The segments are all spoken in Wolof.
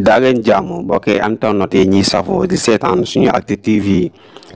daa leen jàmm mbokk yi internet yi ñuy safoo di seetaan suñu ti TV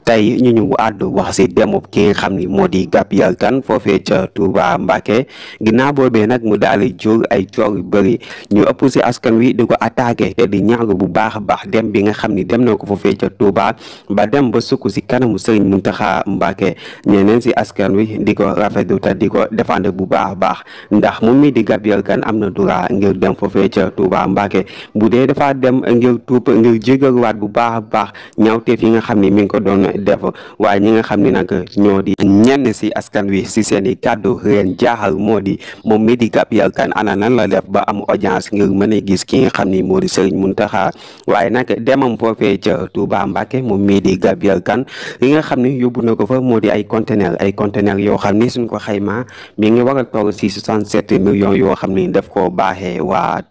tey ñu ñu àddu wax si demub ki xam ni moo di Gabrielle Kane foofee ca Touba mbake ginnaaw boobee nag mu daal di jur ay coow yu bëri ñu ëpp si askan wi di ko attaqué di ñaawlu bu baax a baax dem bi nga xam ni dem na ko foofee ca Touba ba dem ba sukk si kanamu Serigne taxa Mbacké ñeneen si askan wi di ko rafetlu te di ko défendre bu baax a baax ndax moom mii di Gabrielle kan am na droit ngir dem foofee ca Touba Mbacké bu dafa dem ngir tuub ngir jégaluwaat bu baax a baax ñaawteef yi nga xam ne mi ngi ko doon def waaye ñi nga xam ni nag ñoo di ñenn si askan wi si seen i kàddu reen jaaxal moo di moom Mady Gabrielle Kane ana nan la def ba am audience ngir mën a gis ki nga xam ni moo di Serigne Mountakha waaye nag demam foofee ca Touba mbake moom Mady Gabrielle kan li nga xam ne yóbbu na ko fa moo di ay conteneur ay conteneur yoo xam ni suñ ko ma mi ngi war a toll si 67 million yoo xam ni def koo baaxee waa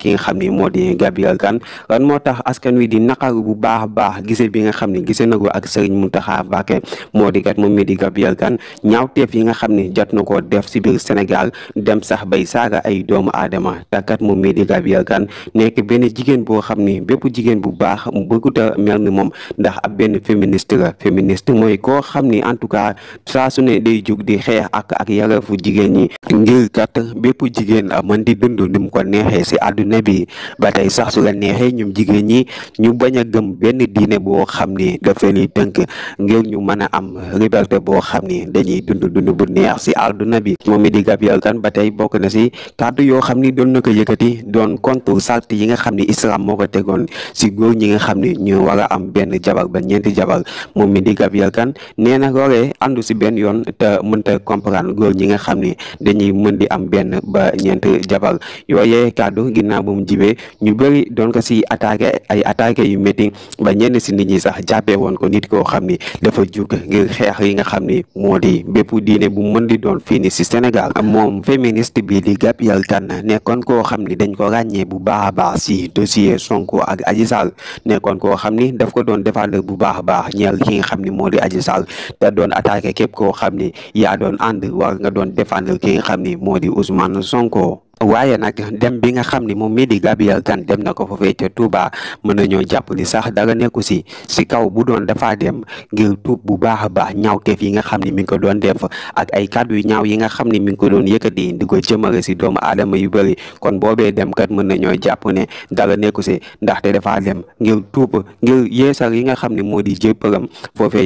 ki nga xam ni moo di Gabriel Kane lan moo tax askan wi di naqaru bu baax a baax gisee bi nga xam ne gisee na ko ak Serigne Mountakha Mbacké moo di kat moom mii di Gabriel Kane ñaawteef yi nga xam ne jot na koo def si biir Sénégal dem sax bay saaga ay doomu aadama takat moom mii di Gabriel Kane nekk benn jigéen boo xam ni bépp jigéen bu baax bëgguta mel ni moom ndax a benn féministe la féministe mooy koo xam ni en tout cas saa su ne day jug di xeex ak ak yelleefu jigéen ñi ngir kat bépp jigéen mën di dund ni mu ko neexee si àdduna nabi ba tey sax su la neexee ñoom jigéen ñi ñu bañ a gëm benn diine boo xam ni daf leen di tënk ñu mën a am liberté boo xam ni dañuy dund dund bu neex si àdduna bi moom mi di Gabrielle Kane ba tey bokk na si kàddu yoo xam ni doon na ko yëkkati doon contre sart yi nga xam ni islam moo ko tegoon si góor ñi nga xam ni ñu war am benn jabar ba ñeenti jabar moom mi di Gabrielle Kane nee na loolee àndu si benn yoon te mënta comprendre góor ñi nga xam ni dañuy mën di am benn ba ñeent jabar yooyee kàddu ginnaaw ginnaaw bu mu jibee ñu bëri doon si attaqué ay attaqué yu métti ba ñenn si nit ñi sax jàppee woon ko nit koo xam ni dafa jug ngir xeex yi nga xam ni moo di bépp diine bu mën di doon fii ni si Sénégal moom féministe bi di Gabrielle Kane nekkoon koo xam ni dañ ko ràññee bu baax a baax si dossier Sonko ak Adji Sarr nekkoon koo xam ni daf ko doon défendre bu baax a baax ñeel ki nga xam ni moo di Adji Sarr te doon attaqué képp koo xam ni yaa doon ànd war nga doon ki nga xam ni moo di Sonko waaye nag dem bi nga xam ni moom mii di Gabrielle Kane dem na ko foofee ca Touba mën nañoo jàpp ni sax dara nekku si si kaw bu doon dafaa dem ngir tuub bu baax a baax ñaawteef yi nga xam ni mi ngi ko doon def ak ay kàddu yu ñaaw yi nga xam ni mi ngi ko doon yëkkati di ko jëmale si doomu aadama yu bëri kon boobee dem kat mën nañoo jàpp ne dara nekku si ndaxte dafaa dem ngir tuub ngir yeesal yi nga xam ni moo di jéppalam foofee